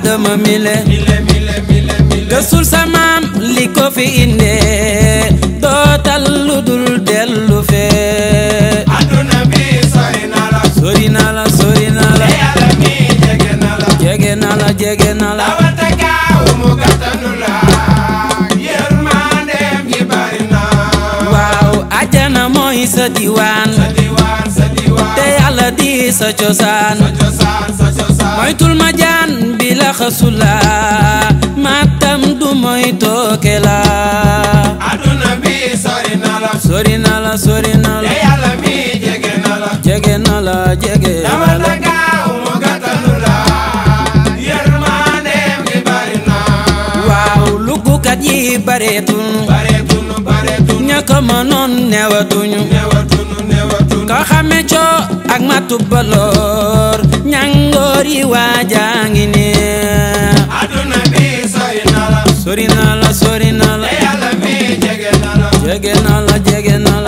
Adama mile gëstul sa maam li ko fi indee dootal lu dul dellu fee adduna bi sori na la sori na la sori na la yàlla mi jege na la jege na la jege na la tabata gaaw mu gàttanu la yërmandeem ji bari na waaw ajana mooy sa diwaan di cosaan moytul ma jaan bi la xasula du moy la aduna bi sori na la sori la sori na la e dama la gaaw mu gàttalu la yërmandeem gi bari na waaw luggukat yi bareetunu bareetunu bareetunu ña ko ak matu balor nyangori wajang ini aduna bi sori na la sori na la sori na la yalla eh, mi jege na jege na jege na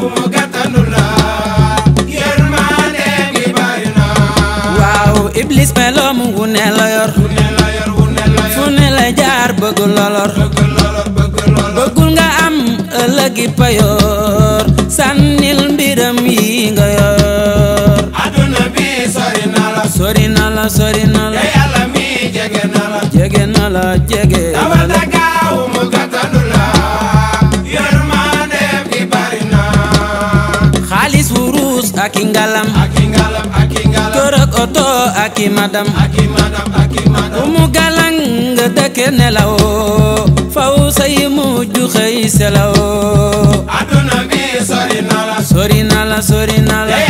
umu gatanu yermane mi bayna waaw iblis melom wu ne la yor fu ne la jaar bëgg lolor bëggul nga am lagi payor sanil. sori na la sori na la. te yàlla mi jege na la. jege na la jege. dama dagaaw mu gàttalu la. yërmande bi bari na. xaalis wurus ak i ngalam. ak i ngalam ak i ngalam. kër ak oto ak i madam. ak i madam ak i madam. mu galang nga dëkk nelawoo. faw say mujj xëy selawoo. adduna bi sori na la. sori na la sori na la.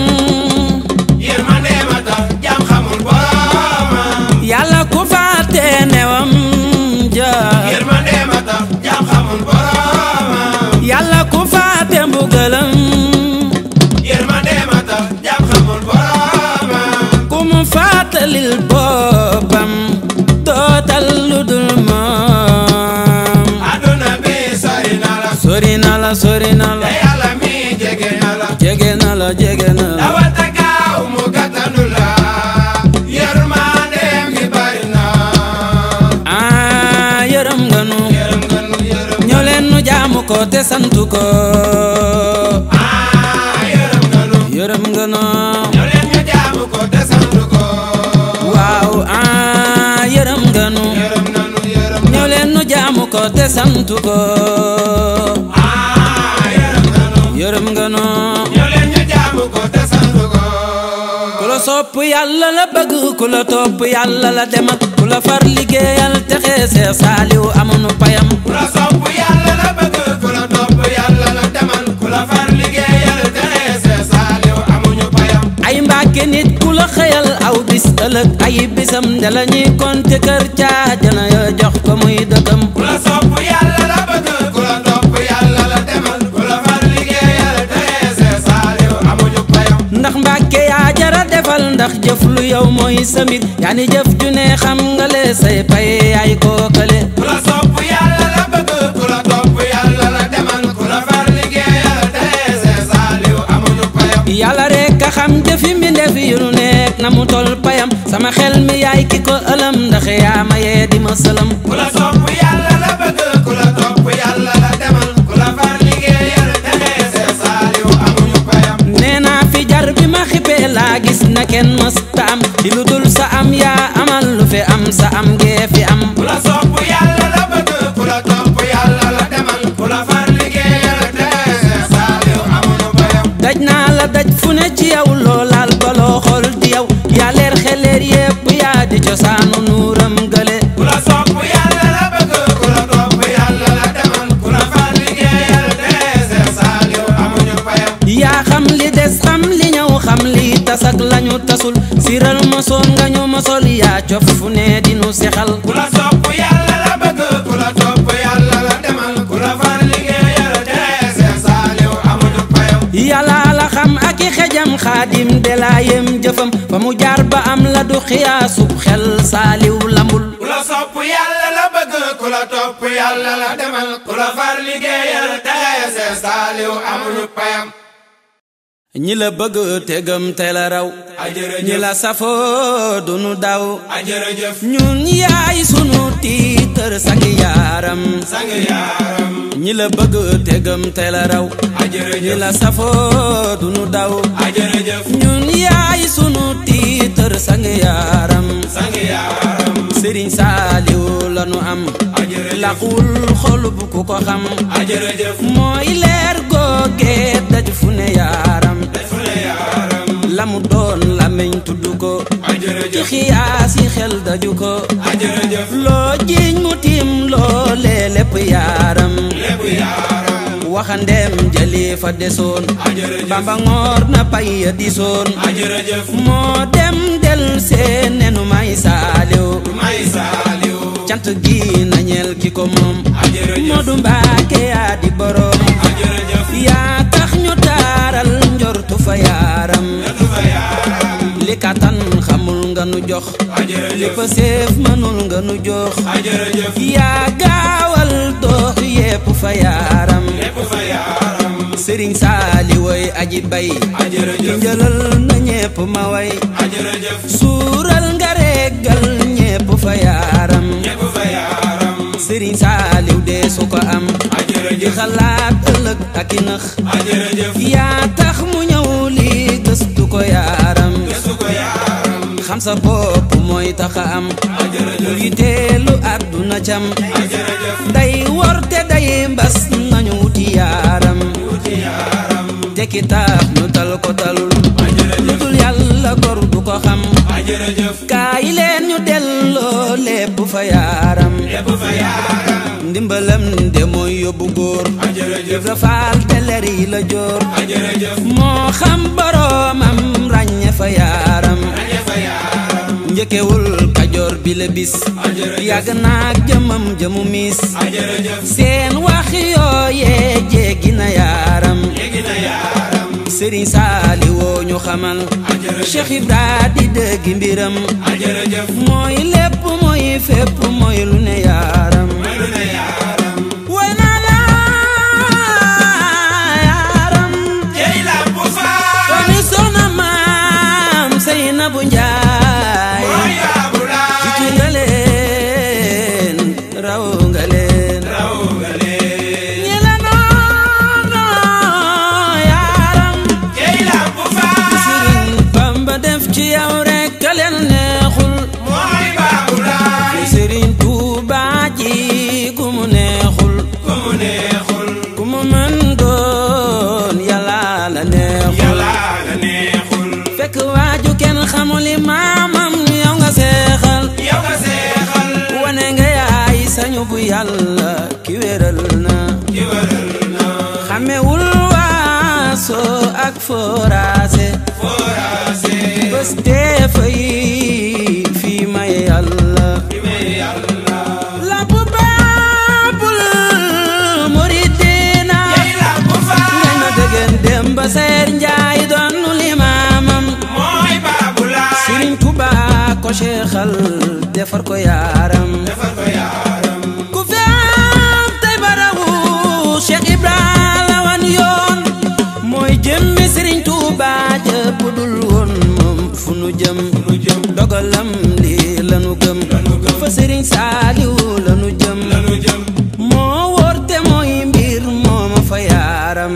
yàlla sori na la. te mi jege na la. jege na la jege na la. mu gàttanu la. yërmandeem gi bari na. ah yërëm nga nu. nu yërëm. nu jaamu ko te santu ko. ah yërëm nga nu. nu. ñoo nu jaamu ko te santu ko. Ah, yërëm nga noo leen ñu jaamu ko te sant ko ku la sopp yàlla la bëgg ku la topp yàlla la dem ku la far liggéeyal te xeesee saaliw amunu payam ku la sopp yàlla la bëgg ku la topp yàlla la demal ku la far liggéeyal te xeesee saaliw amuñu payam ay mbàkke nit ku la xëyal aw bis ëllëg ay bisam de la ñuy konte kër caajana yo jox ko muy dëkkam ku la sopp yàlla la bëgg ndax mbàkke yaa jara defal ndax jëf lu yow mooy yaa ni jëf ju ne xam nga say paye yaay kookale ku la sopp yàlla la bëgg ku la topp yàlla la demal ku la far liggéeyal te a xam jëfi mi ndef yu nu nekk na mu tol payam sama xel mi yaay ki ko ëlam ndax yaa mayee di ku la sopp yàlla la bëgg ku la topp yàlla la demal ku la far liggéeyal ne gis na kenn mësta am lu dul sa yaa amal lu fi am sa gee fi am ku la sopp yàlla la bëgg ku la topp yàlla la demal ku la far liggéeyal dee saaliw amul bayam daj naa la daj fu ne ci yow loolaal ba xool di yow leer xeleer yépp yaa di cosaanu nuur tasak lañu tasul siral ma soon nga ñu ma sol ya jof fu ne di nu sexal kula la sopp yàlla la bëgg kula top yàlla la demal ku la far liggéeyal tee seex saaliw amuñu payaw yàlla la xam ak xejam khadim de la yem jëfam ba mu jaar ba am la du xiyaasub xel saaliw lambul ku sopp yàlla la bëgg kula top yàlla la demal ku la far liggéeyal tee seex saaliw amuñu payam ñi la bëgg te gëm raw ah, la safoo dunu daw ah, ñun yaay sunu tiitër sang yaaram ñi la bëgg te gëm te la raw ah, ñi saaliw lanu am laqul xol ku ko xam mooy leen bëggee daju fu yaaram la mu la meñ tudd ko ci xiyaas yi xel daju ko loo jiñ mu tiim loolee lépp yaaram waxandeem jëli fa desoon bamba ngoor na payya disoon dem del may cant gi yaa tax ñu taaral njortu fa yaaram li katan xamul nga nu jox li fa seef mënul nga nu jox yaa gaawal doox yépp fa yaaram sëriñ saali woy aji bay ki njëlal na ñépp ma way suural nga reggal ñépp fa yaaram serigne salew de suko am ajeureje khalat elek ak nakh ajeureje ya tax mu ñew li gestu ko yaram gestu ko yaram xam sa bop moy tax am ajeureje yitelu aduna cham ajeureje day wor te day mbass nañu ti yaram te kitab nu dal ko dalul ajeureje dul yalla gor du ko xam jërëjëf kaay leen ñu lepo fayaram. fa yaaram lépp fa yaaram ndimbalam de mooy yóbbu góor jërëjëf la faal teler yi la joor jërëjëf moo xam boroomam ràññe fa yaaram njëkkewul kajoor bi la bis yàgg naag jëmam jëmu mis seen wax sëriñ Saaliwoo ñu xamal Cheikh Ibra di dëgg mbiram mooy lépp mooy fépp mooy lu ne yaaram Seynabu Njaay bu yàlla ki wéral na xamewul waaso ak foraase bés dee fay fi may yàlla Seer Njaay doon limaamam mooy baabu laay Sëriñ Tuubaa ko seexal defar ko yaaram defar ko yaaram dogalam lii lanu gëm fa sëriñ saaliw lanu jëm moo wóor te mbir moo fa yaaram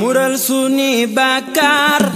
mural suni bàkkaar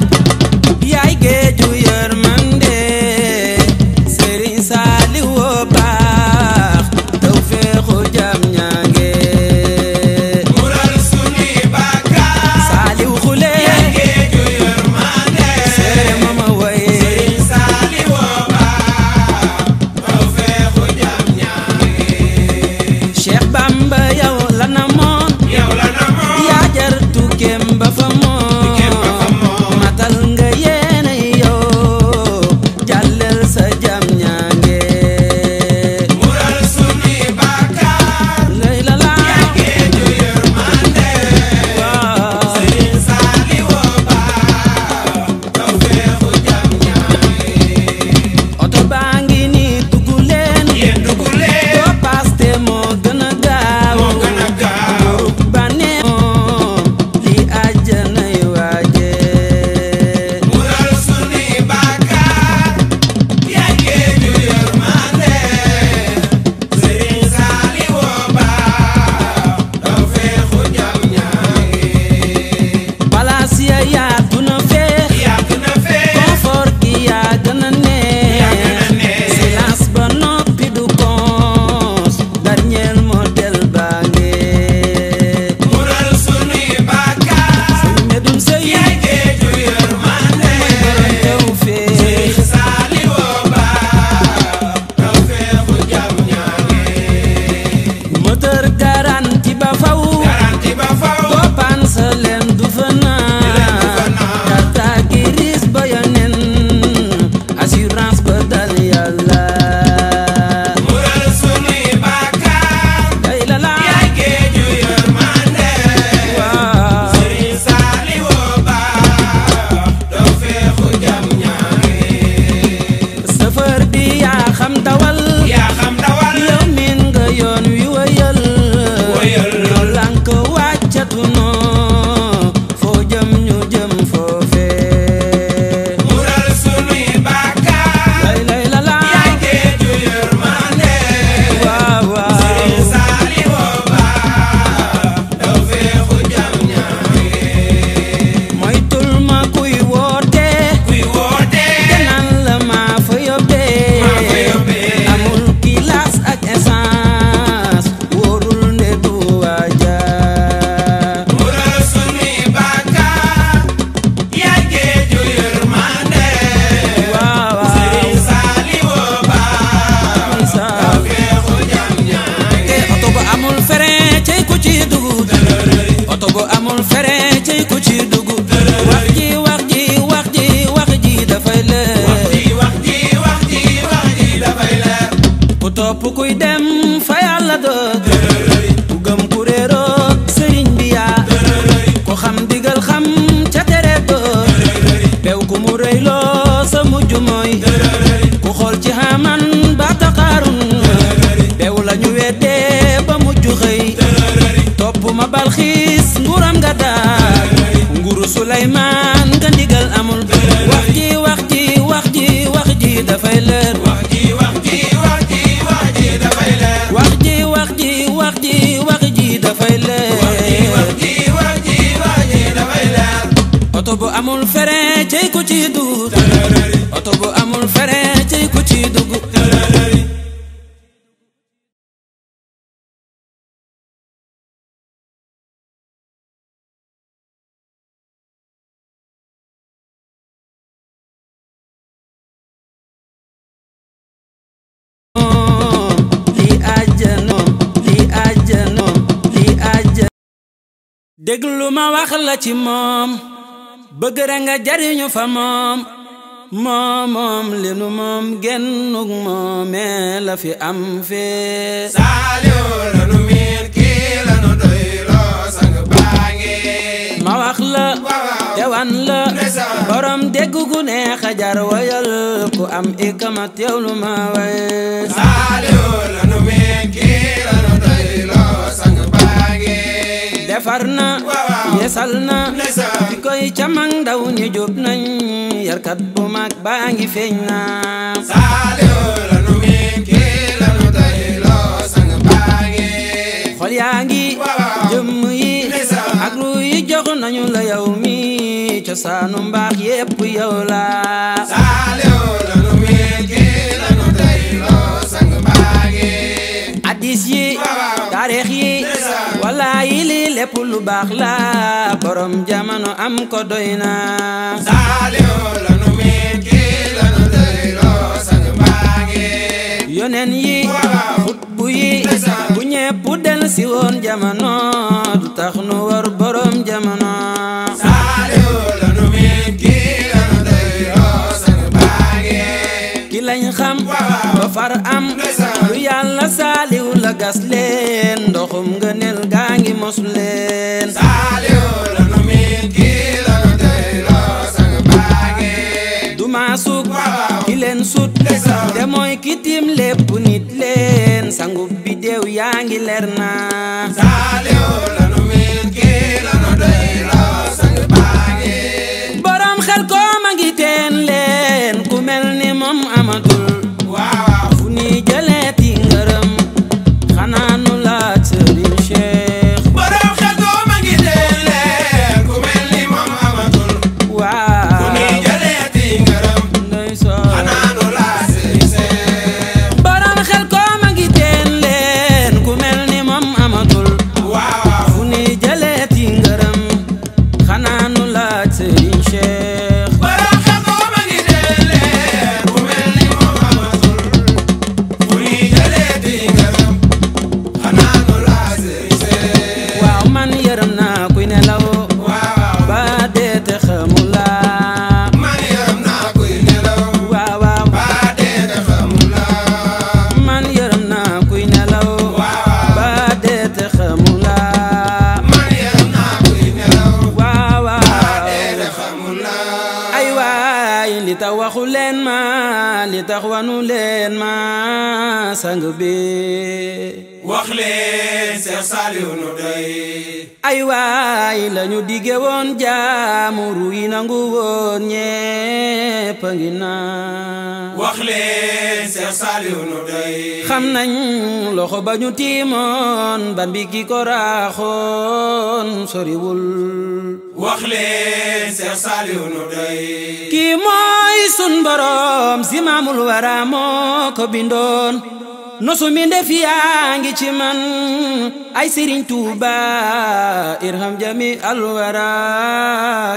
Deglu ma wax la ci mom beug ra nga jariñu fa mom mom moom li nu moom la fi am fe salio la nu miin kii la nu doy loo sang bangi. ma wax la tewan la borom deggu gu ne xajar wayal ku am ikamat yawlu ma way salio la nu miin kii la nu defar na yeesal na di koy camang ndaw ñi jub nañ yarkat bu mag baa ngi feeñ na Saliou lanu miin kii lanu tayloo sang baa ngi xol yaa ngi jëmm yi ak ru jox nañu la yow mi cosaanu mbaax yépp yow la Saliou lanu miin kii lanu tayloo sang baa ngi addis yi taarix yi wallaayi lii lépp lu baax la borom jamono am ko doy na saaliw lanu miin kii lanu doyloo sang baa ngi yonen yi xutbu yi bu ñépp del si woon jamono du tax nu war borom jamono saaliw la gas leen ndoxum ngëneel gaa ngi mos leen saaliw la nu miin kii la ko tey baage du maa sug ki leen kitim lépp nit leen sangub bi deew yaa ngi leer naa saaliw nu doy xam nañ loxo ba ñu tiimoon ban bi ki ko kii mooy sun boroom si maamul wara moo bindoon nosu mi yaa ngi ci man ay sëriñ tuuba irham jami alwara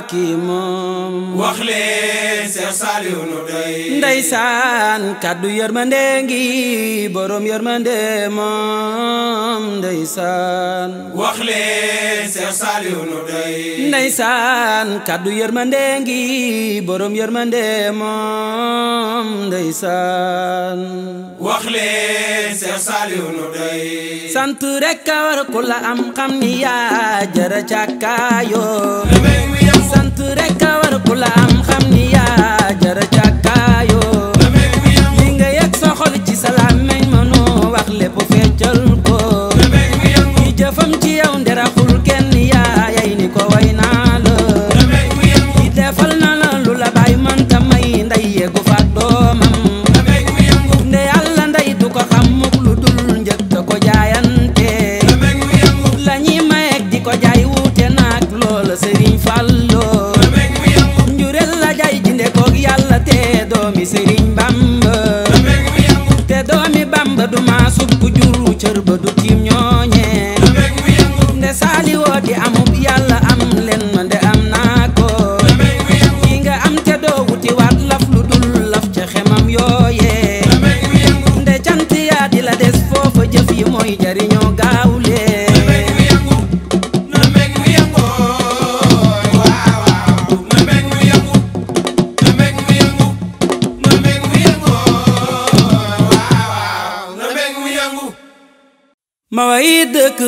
kii moom wax leen Seex Saaliw nu doy ndeysaan kàddu yërmande ngi borom yërmande moom ndeysaan wax leen Seex Saaliw nu doy ndeysaan kàddu yërmande ngi borom yërmande moom ndeysaan wax leen Seex Saaliw sant rek a war ku la am xam ni yaa jara càkkaayoo sant rek a war ku la am xam ni jara càkkaayoo li nga yëg sa ci salaam meñ ma noo wax lépp fee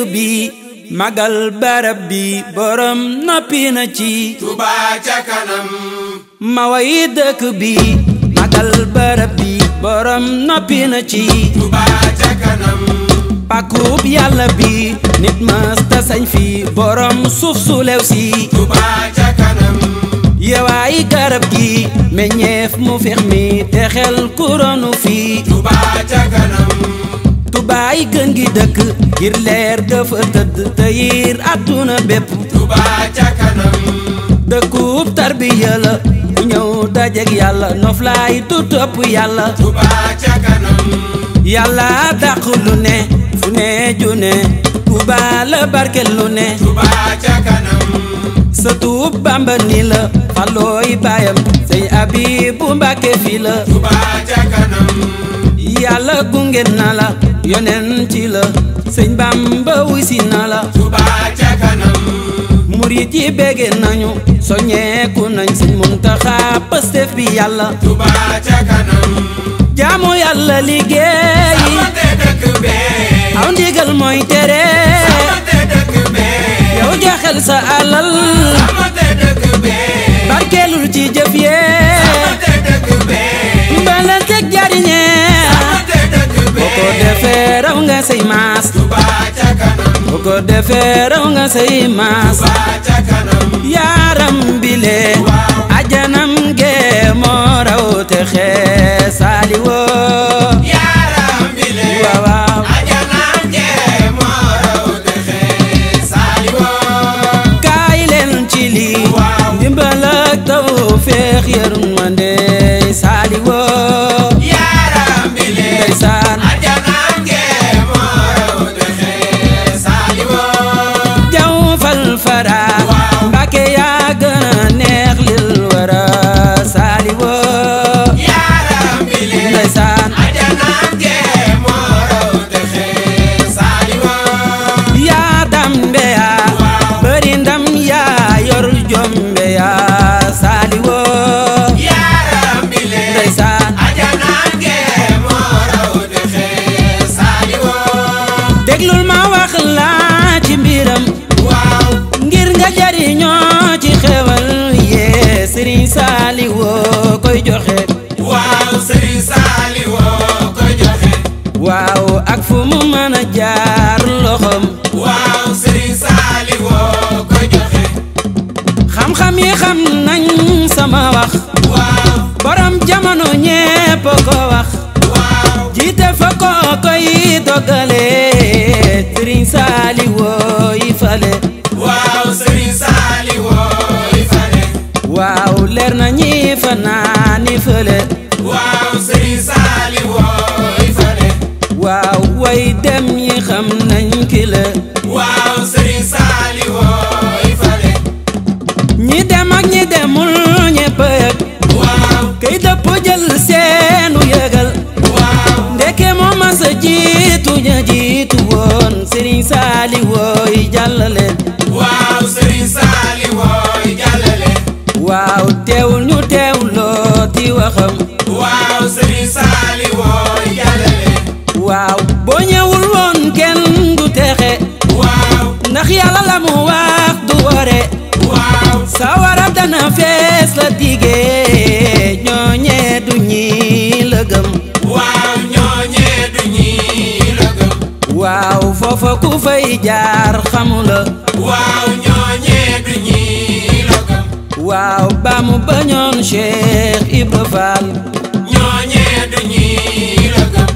bi magal barab bi borom noppi na ci Touba ca kanam ma way dëkk bi magal barab bi borom noppi na ci Touba ca kanam pàkkub yàlla bi nit masta sañ fi borom suuf lew si Touba ca kanam yowaay garab gi meññeef mu fex mi te xel kuronu fi Touba ca kanam tubaay gën gi dëkk ngir leer dafa tëdd te yiir àdduna bépp tubaa ca kanam dëkkub tarbiya la bu ñëw dajeg yàlla noflaay du topp yàlla tubaa ca kanam yàlla dàq lu ne fu ne ju ne tubaa la barke lu ne tubaa ca kanam sa tuub bamba ni la fàllooy baayam sëñ abi bu mbàkke fii la tubaa ca kanam yàlla gunge na la yonent ci la sëñ Bamba wuy si na la Touba ca kanam murit yi bége nañu soññeeku nañ sëñ Muntaxa Pastef yàlla Touba ca kanam jaamu yàlla liggéeyi aw ndigal mooy tere yow joxel sa alal barkeelul ci jëf yee defee raw nga say maas. Touba ca kanam. bu nga say maas. Touba ca kanam. yaaram bile. ajanam gee moo te xee saliwoo. ko ko wax jiite fa kooko yi dogale sëriñ saali wooyi fale waaw fale waaw leer na ñi fa naani fale waaw foofa ku fay jaar xamu waaw ñooñee du ñii lokal waaw ba mu bañoon Ibra Fall ñooñee du ñii lokal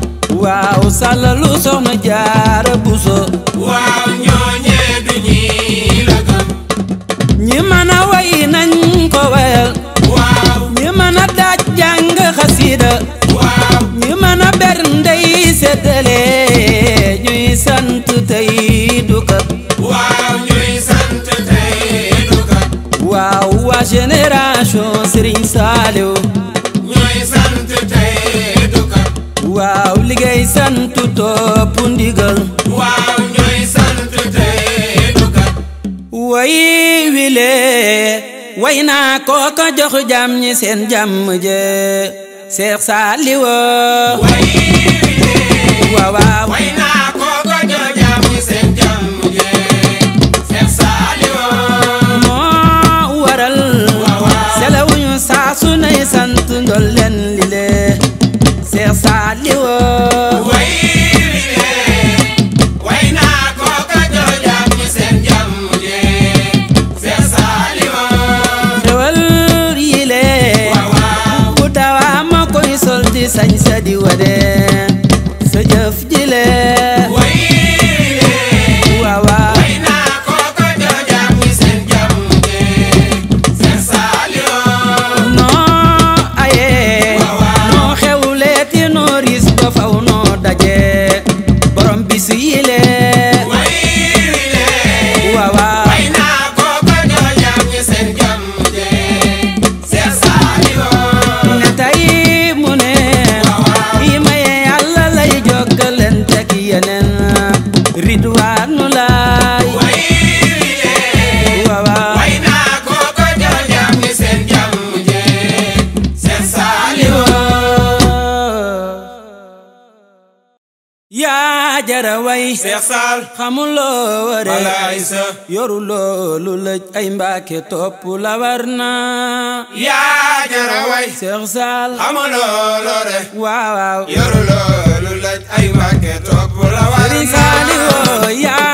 waaw sàllalu soxna jaara buso waaw ñooñee du ñii lokal ñi mën a way nañ ko wayal waaw ñi mën daaj jàng xasida waaw ñi mën ber ndey seddale topp ndigal waaw ñooy sant tey dukat way wile way naa kooko jox jàmm ñi seen jàmm je Seex Saaliwo way moo waral selawuñu saa su sant ndol leen lile Seex Saaliwo way the wedding. Seex Saal xamuloo ware malaysa yoru loolu lëj ay mbaake topp la war na yaa jara way Seex Saal xamuloo lore waaw waaw yoru loolu lëj ay mbaake topp la war na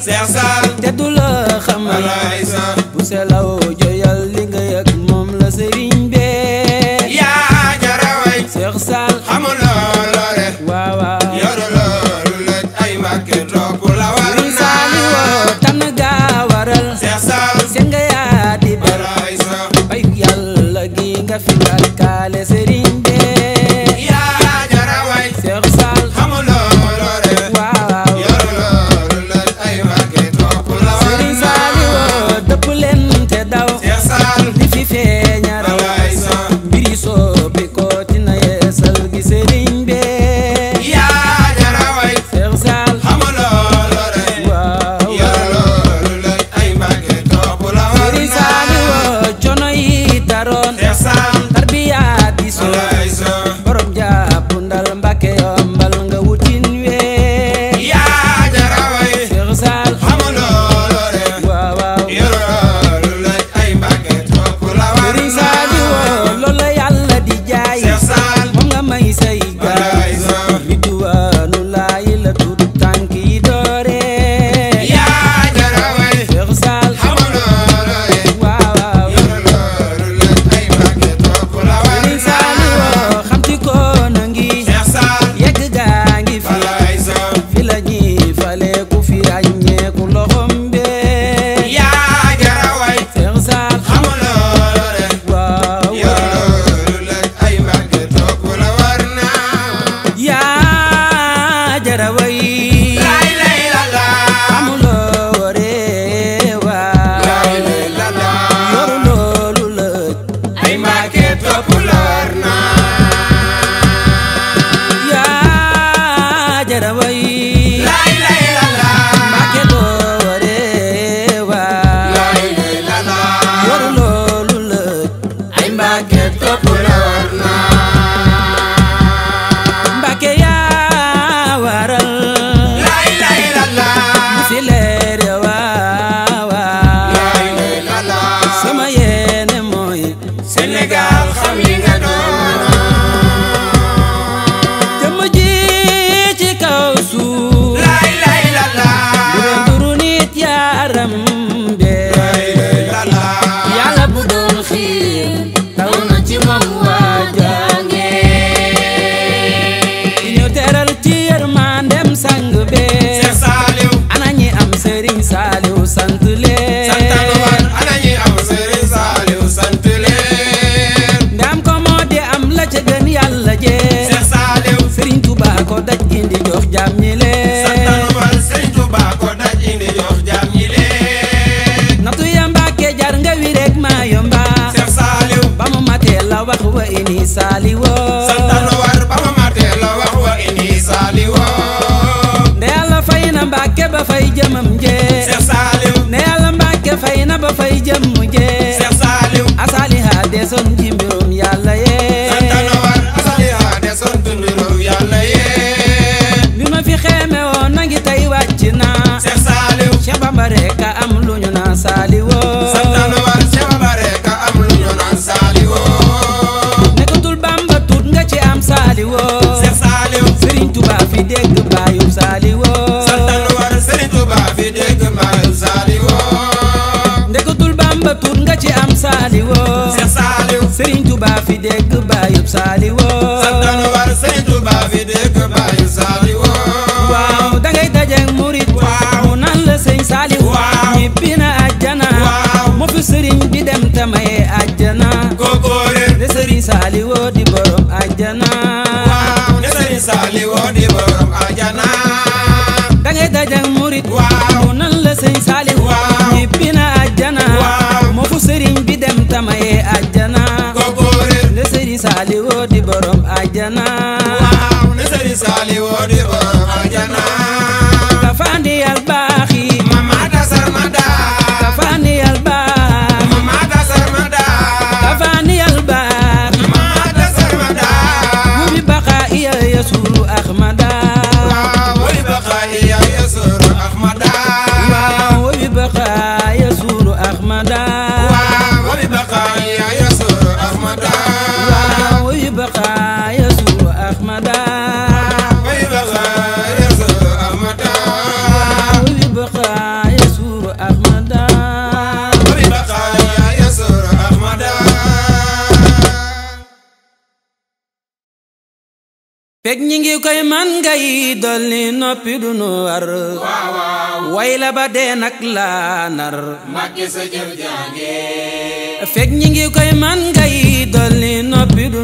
Zé Azar. Serigne Touba fi dégg baayub Saliwo. sant nu war Serigne Touba fi saali woo borom ajjana koy man ngay dolli noppi du nu war way la ba dee nag nar Mbàkke fekk ñi ngi koy man ngay dolli noppi du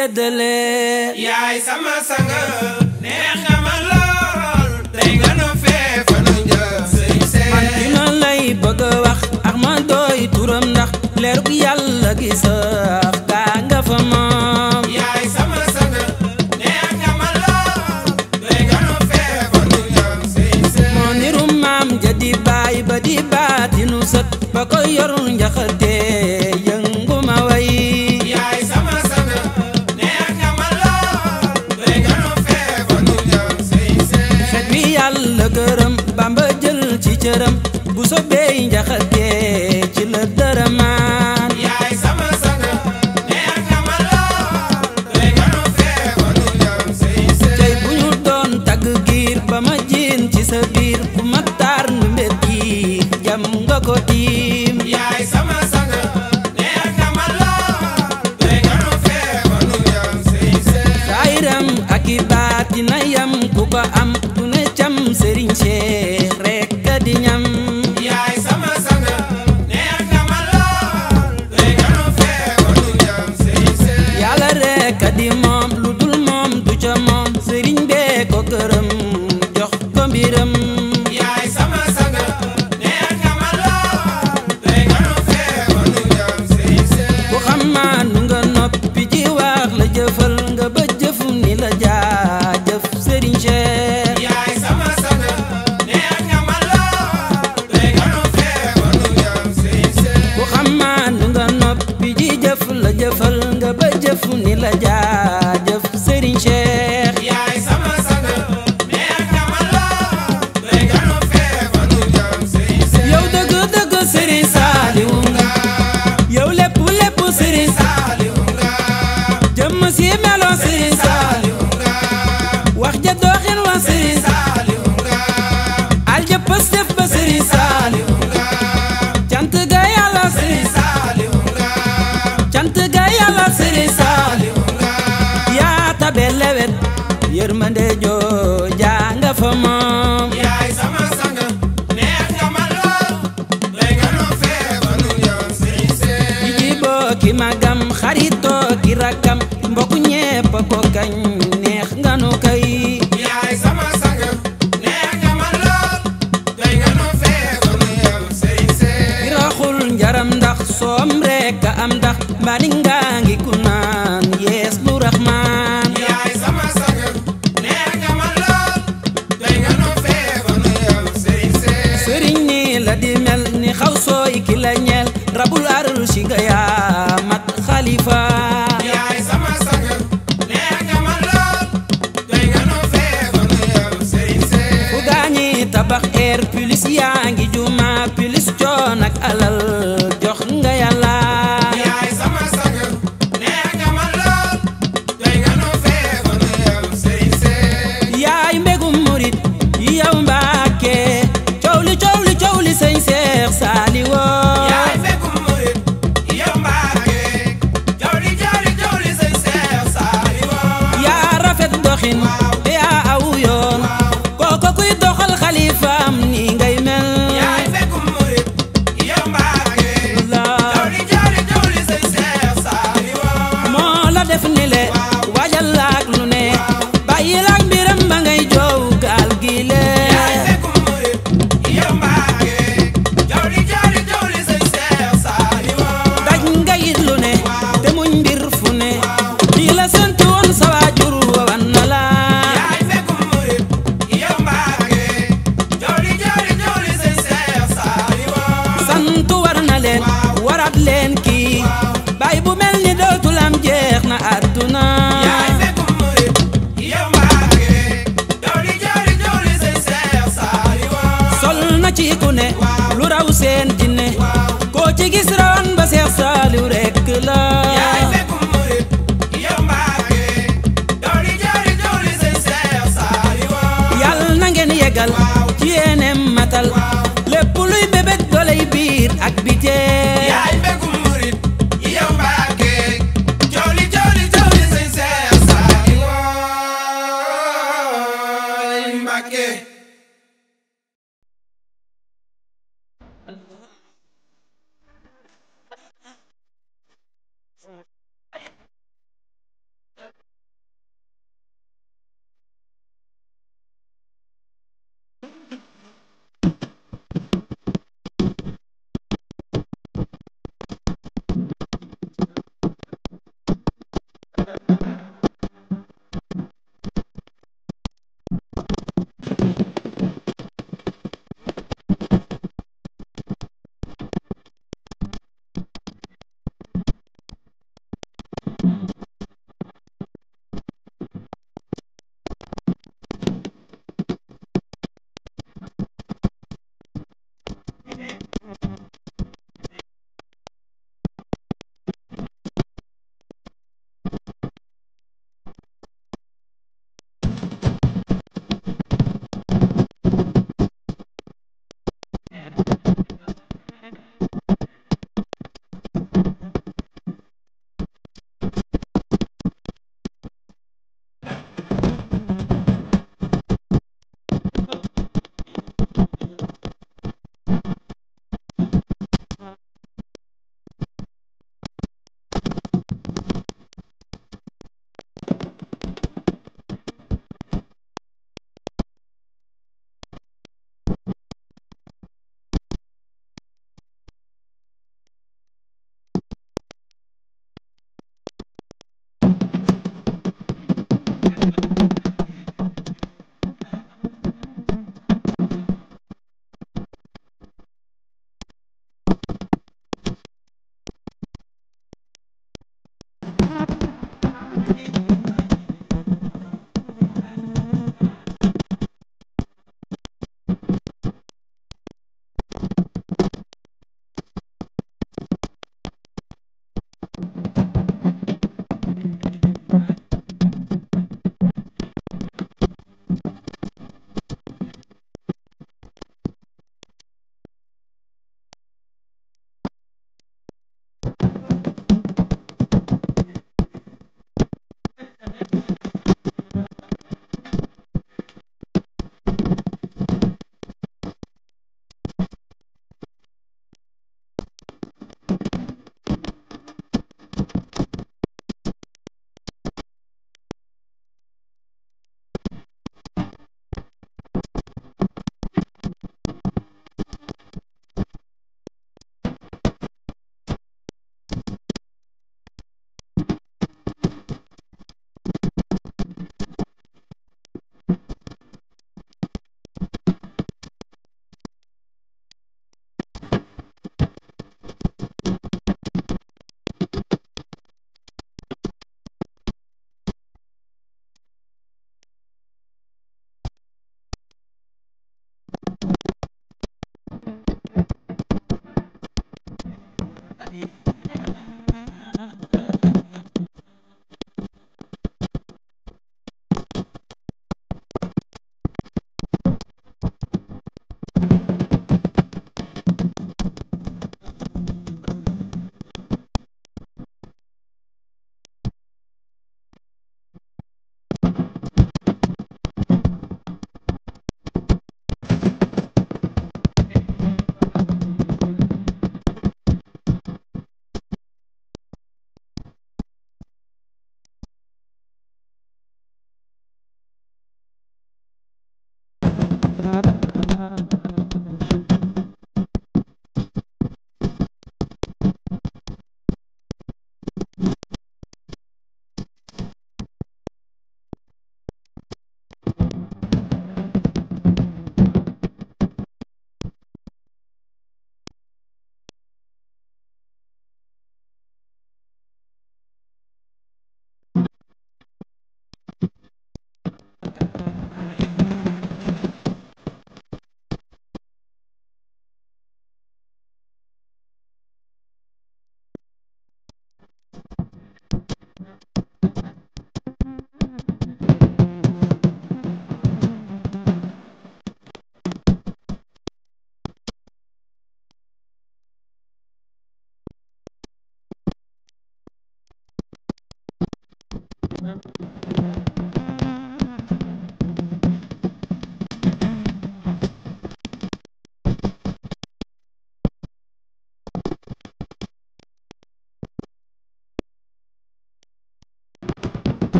get the sa biir ku Maxtaar Ndumbe gi jam nga ko di ni xaw sooy ki ñeel rabul arul si nga yaa mat xalifa yaay sama sang nee nga ma lool doy nga noo feefa nga yow sëriñ sëriñ gaañi tabax air plus yaa ngi juma plus coon ak alal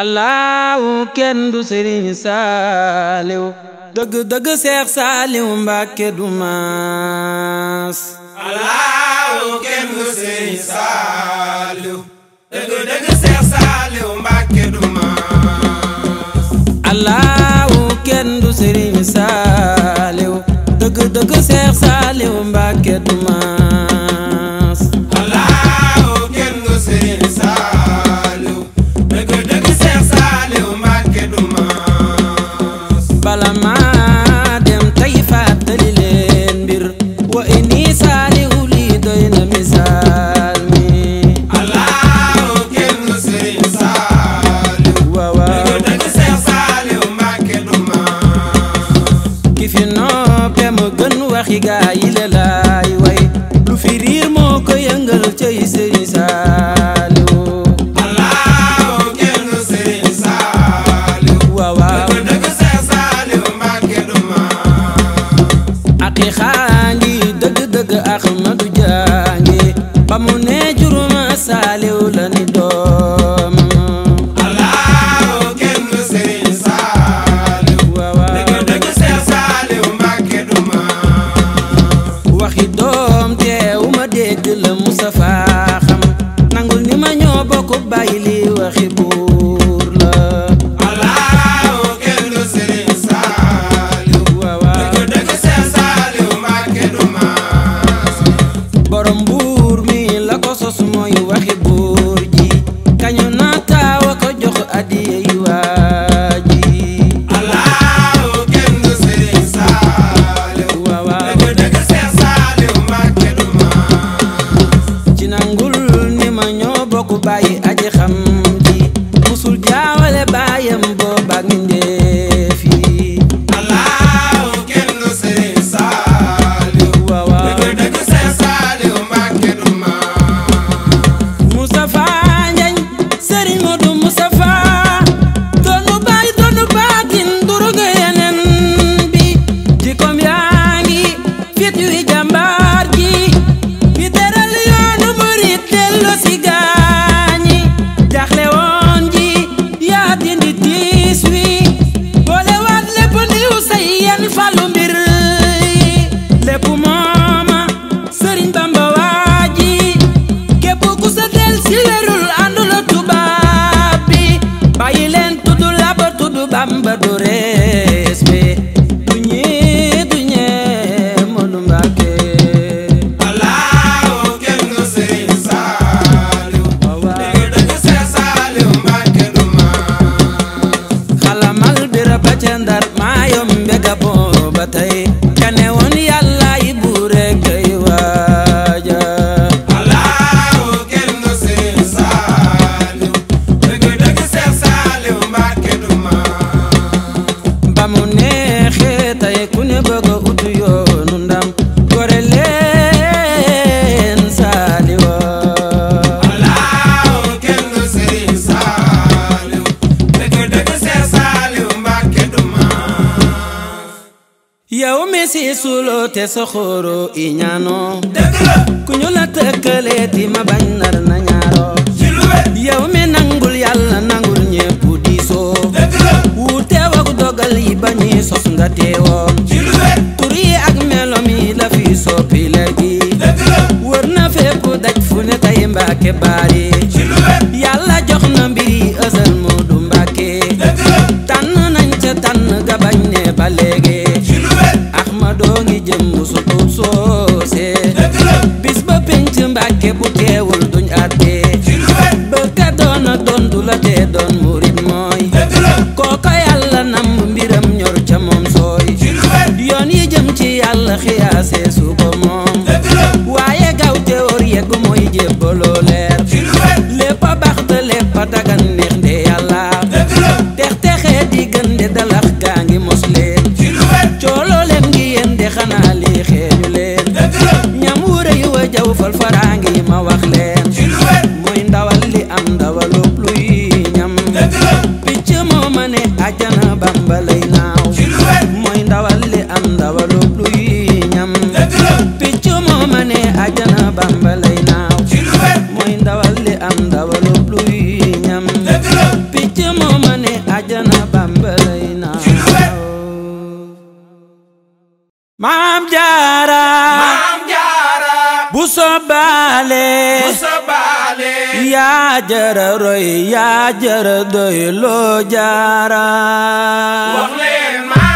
allahu kenn du du maas allahu kenn dëgg dëgg seex saaliw mbàkke du du maas diisoo te soxoro i ñaanoo ku ñu la tëkkalee ma bañ nar na ñaaroo yow mi nangul yàlla nangul ñépp diisoo wu teewag dogal yi bañi sos nga teewoon tur yi ak melo mi la fi soppi léegi wër na fépp daj fu ne tey mbaake baari jara roy yaa jara doy loo jaara wax leen ma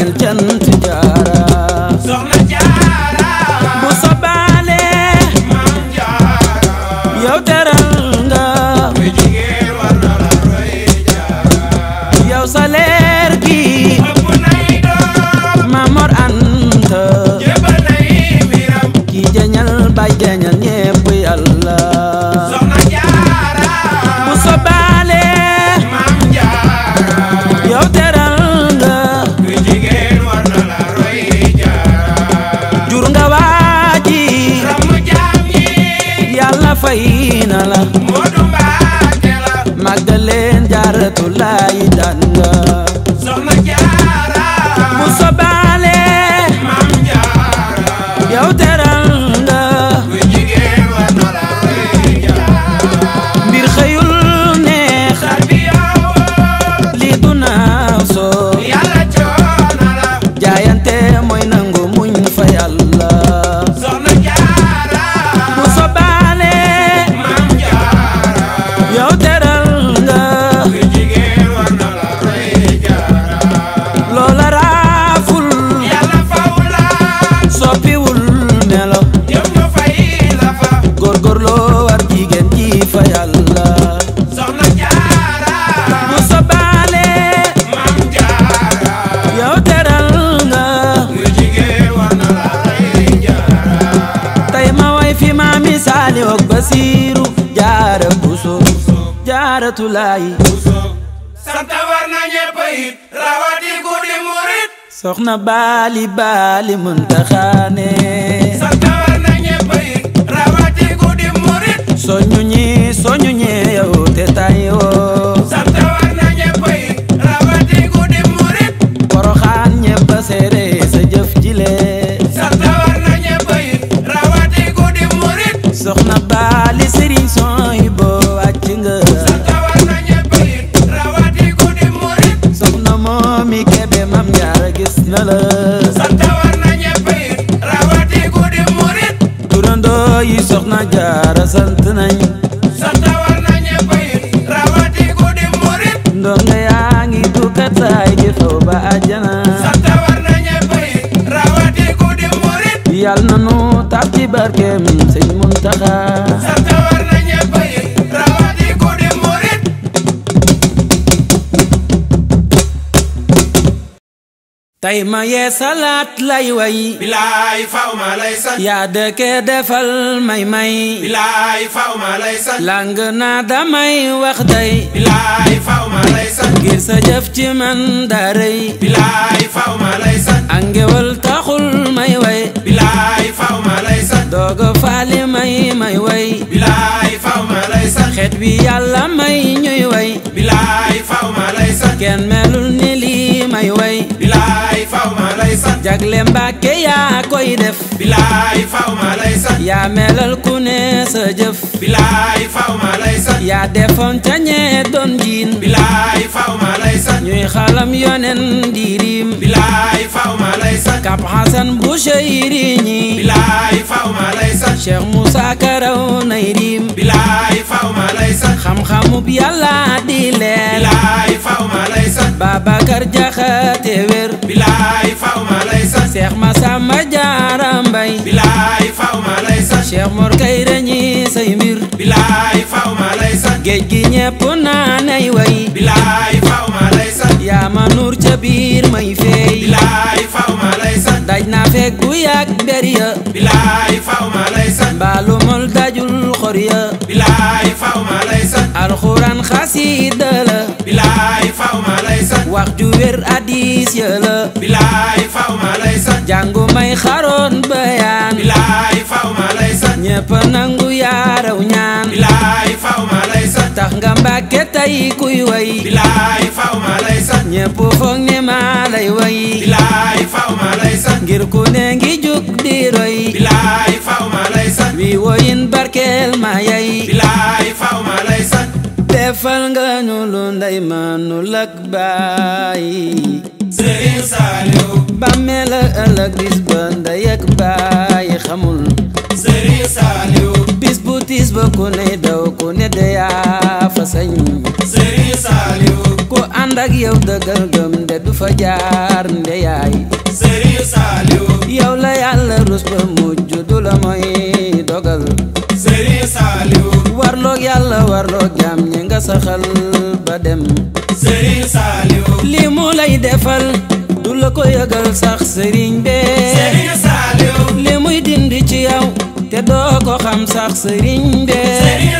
in cant Rahmatulaay santa war na ñépp it rawati ku di murit soxna baali baali muntaxaane santa war na ñépp it rawati ku di murit soñu ñi soñu ñi tey ma yee salaat lay way bilaay faw ma lay sant yaa dëkke defal may may bilaay faw ma lay sant làng naa damay wax day bilaay faw ma lay sant ngir sa ci man daarëy bilaay faw ma lay sant angewal taxul may way bilaay faw lay sant dooga faali may may way bilaay faw lay sant bi kenn melul ni lii may way lay sant jagle Mbàkke yaa koy def bilaay faw ma lay sant yaa ku ne sa jëf bilaay faw ma yaa defoon ca ñee doon jiin bilaay faw ma lay sant ñuy xalam yonen bilaay faw ma lay sant bu sheyri bilaay faw ma lay sant Cheikh Moussa Karaw bilaay faw ma lay sant xam-xamub Cheikh Massamba Diarra Mbaye bilaay faw ma lay sant Cheikh Mor Kayre ñi say mbir bilaay faw ma lay sant géej gi ñepp naa nay way bilaay faw ma lay sant yaa ma nuur ca biir may feey bilaay faw ma lay sant daj naa fekk bu yàgg mber ya bilaay faw ma lay sant mbaalu mol dajul xor ya bilaay faw ma lay sant alxuraan xasiida la bilaay faw ma lay sant wax ju wér hadiis ya la bilaay jàngu may xaroon bayaan bilaay faw ma lay sant ñépp nangu yaaraw ñaan bilaay faw ma lay tax nga mbàkke tey kuy way bilaay faw ma lay sant foog ne maa lay way bilaay faw ma ngir ku ne ngi di roy bilaay faw ma wi woyin barkeel ma yay bilaay faw ma defal nga ñu lu ndey ma nu lak baay Sëriñ Saaliw bàmmeela ëllëg bis ba ndey ak baay xamul Sëriñ Saaliw bu tiis ba ku ne daw ku ne deyaa fa sañ Sëriñ ànd ak yow dëggal gëm de du fa jaar ndeyaay Sëriñ Saaliw la yàlla rus ba mujj du la mooy dogal Sëriñ yàlla warloog jaam ñi nga saxal ba dem Sëriñ mu lay defal ko li muy dind ci yow te doo ko xam sax sëriñ bee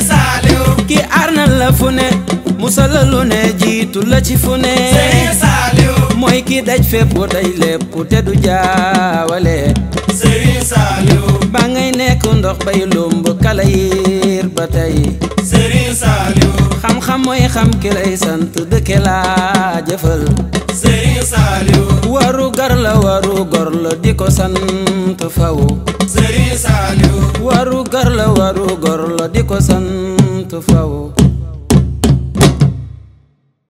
mooy ki daj fépp daj lépp te du jaawale ba ngay nekk ndox bay lumb kala yi ba tey Serigne Saliou xam-xam mooy xam ki lay sant dëkke laa jëfal Serigne Saliou waru gar la waru gor la di ko sant faw Serigne Saliou waru gar la waru gor la di ko sant faw